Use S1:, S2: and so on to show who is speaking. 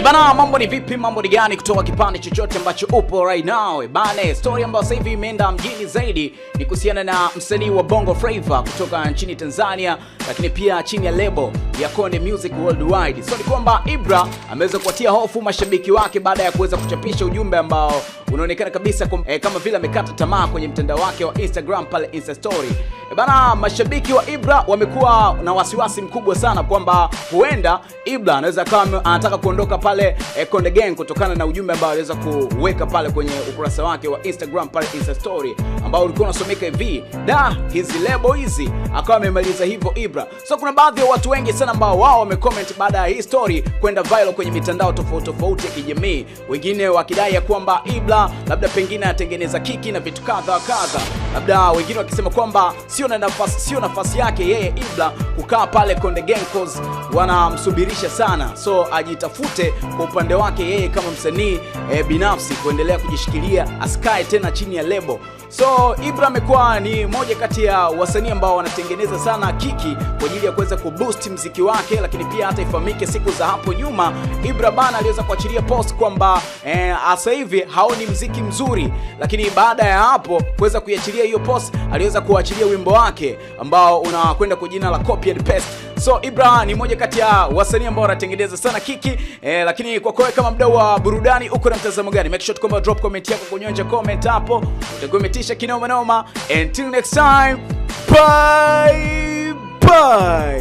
S1: Ebana, eh mambo ni vipi? Mambo ni gani kutoka kipande chochote ambacho upo right now? Ebana, eh story ambayo sasa hivi imeenda mjini zaidi ni kuhusiana na msanii wa Bongo Flava kutoka nchini Tanzania, lakini pia chini ya lebo ya Konde Music Worldwide. So ni kwamba Ibra ameweza kuwatia hofu mashabiki wake baada ya kuweza kuchapisha ujumbe ambao unaonekana kabisa kum, eh, kama vile amekata tamaa kwenye mtandao wake wa Instagram pale Insta story Eh, bana, mashabiki wa Ibra wamekuwa na wasiwasi mkubwa sana kwamba huenda Ibra anaweza kama anataka kuondoka pale eh, Konde Gang kutokana na ujumbe ambao aliweza kuweka pale kwenye ukurasa wake wa Instagram pale Insta story ambao ulikuwa unasomeka hivi da hizi lebo hizi, akawa amemaliza hivyo Ibra. So kuna baadhi ya watu wengi sana ambao wao wamecomment baada ya hii story kwenda viral kwenye mitandao tofauti tofauti ya kijamii, wengine wakidai ya kwamba Ibra labda pengine anatengeneza kiki na vitu kadha kadha, labda wengine wakisema kwamba sio na nafasi, sio nafasi yake yeye Ibra kukaa pale Konde Gencos, wanamsubirisha sana, so ajitafute kwa upande wake yeye kama msanii e, binafsi kuendelea kujishikilia, asikae tena chini ya lebo. So Ibra amekuwa ni moja kati ya wasanii ambao wanatengeneza sana kiki kwa ajili ya kuweza kuboost mziki wake, lakini pia hata ifahamike, siku za hapo nyuma Ibra bana aliweza kuachilia post kwamba e, asa hivi haoni mziki mzuri, lakini baada ya hapo kuweza kuiachilia hiyo post aliweza kuachilia wimbo wimbo wake ambao unakwenda kwa jina la copy and paste. So Ibra ni moja kati ya wasanii ambao wanatengeneza sana kiki eh, lakini kwa kweli kama mdau wa burudani uko na mtazamo gani? Make sure kwamba drop comment yako kunyonja comment hapo, utagometisha kinoma noma. Until next time, bye bye.